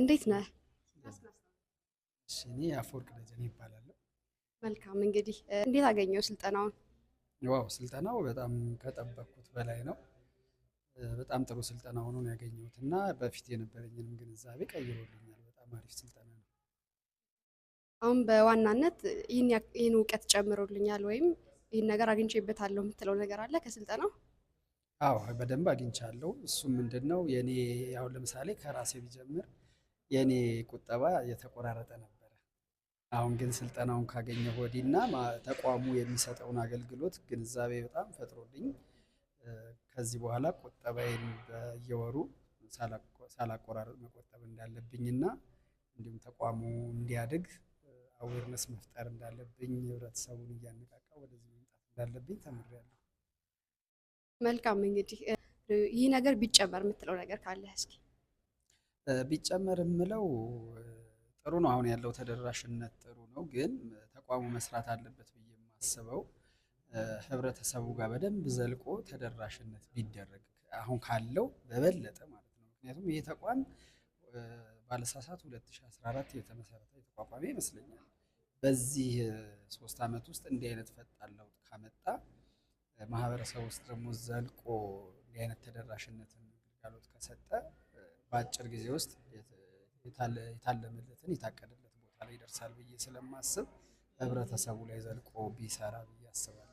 እንዴት ነህ? እኔ አፈወርቅ ደጀኔ ይባላለሁ። መልካም እንግዲህ እንዴት አገኘው ስልጠናውን? ዋው ስልጠናው በጣም ከጠበቅኩት በላይ ነው። በጣም ጥሩ ስልጠና ሆኖ ነው ያገኘሁት እና በፊት የነበረኝንም ግንዛቤ ቀይሮልኛል። በጣም አሪፍ ስልጠና ነው። አሁን በዋናነት ይህን እውቀት ጨምሮልኛል ወይም ይህን ነገር አግኝቼበታለሁ የምትለው ነገር አለ ከስልጠናው? አዎ በደንብ አግኝቻለሁ። እሱም ምንድን ነው የእኔ አሁን ለምሳሌ ከራሴ ቢጀምር የእኔ ቁጠባ የተቆራረጠ ነበር። አሁን ግን ስልጠናውን ካገኘ እና ተቋሙ የሚሰጠውን አገልግሎት ግንዛቤ በጣም ፈጥሮልኝ ከዚህ በኋላ ቁጠባዬን በየወሩ ሳላቆራረጥ መቆጠብ እንዳለብኝ እና እንዲሁም ተቋሙ እንዲያድግ አዌርነስ መፍጠር እንዳለብኝ ህብረተሰቡን እያነቃቃ ወደዚህ መምጣት እንዳለብኝ ተምሬያለሁ። መልካም እንግዲህ ይህ ነገር ቢጨመር የምትለው ነገር ካለ እስኪ ቢጨመር የምለው ጥሩ ነው። አሁን ያለው ተደራሽነት ጥሩ ነው፣ ግን ተቋሙ መስራት አለበት ብዬ የማስበው ህብረተሰቡ ጋር በደንብ ዘልቆ ተደራሽነት ቢደረግ አሁን ካለው በበለጠ ማለት ነው። ምክንያቱም ይህ ተቋም ባለሳሳት 2014 የተመሰረተ የተቋቋመ ይመስለኛል። በዚህ ሶስት ዓመት ውስጥ እንዲህ አይነት ፈጣን ለውጥ ካመጣ ማህበረሰብ ውስጥ ደግሞ ዘልቆ እንዲህ አይነት ተደራሽነትን ግልጋሎት ከሰጠ በአጭር ጊዜ ውስጥ የታለመለትን የታቀደለት ቦታ ላይ ይደርሳል ብዬ ስለማስብ ህብረተሰቡ ላይ ዘልቆ ቢሰራ ብዬ አስባለሁ።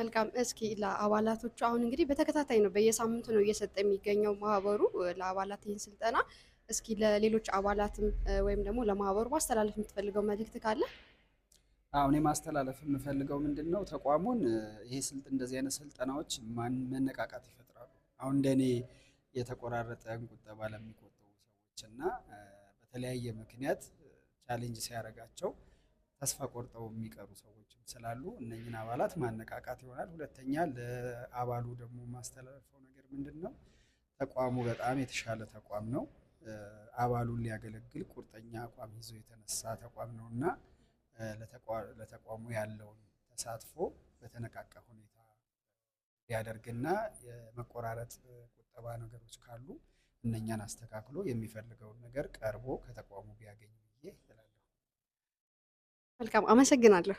መልካም። እስኪ ለአባላቶቹ አሁን እንግዲህ በተከታታይ ነው በየሳምንቱ ነው እየሰጠ የሚገኘው ማህበሩ ለአባላት ይህን ስልጠና። እስኪ ለሌሎች አባላትም ወይም ደግሞ ለማህበሩ ማስተላለፍ የምትፈልገው መልእክት ካለ? አሁን ማስተላለፍ የምፈልገው ምንድን ነው ተቋሙን ይሄ ስልት እንደዚህ አይነት ስልጠናዎች መነቃቃት ይፈጥራሉ። አሁን እንደኔ የተቆራረጠን ቁጠባ ለሚቆጥቡ ሰዎች እና በተለያየ ምክንያት ቻሌንጅ ሲያደርጋቸው ተስፋ ቆርጠው የሚቀሩ ሰዎችም ስላሉ እነኝን አባላት ማነቃቃት ይሆናል። ሁለተኛ ለአባሉ ደግሞ ማስተላለፈው ነገር ምንድን ነው? ተቋሙ በጣም የተሻለ ተቋም ነው። አባሉን ሊያገለግል ቁርጠኛ አቋም ይዞ የተነሳ ተቋም ነው እና ለተቋሙ ያለውን ተሳትፎ በተነቃቃ ሁኔታ ሊያደርግና የመቆራረጥ የቁጠባ ነገሮች ካሉ እነኛን አስተካክሎ የሚፈልገውን ነገር ቀርቦ ከተቋሙ ቢያገኝ ብዬ እላለሁ። መልካም አመሰግናለሁ።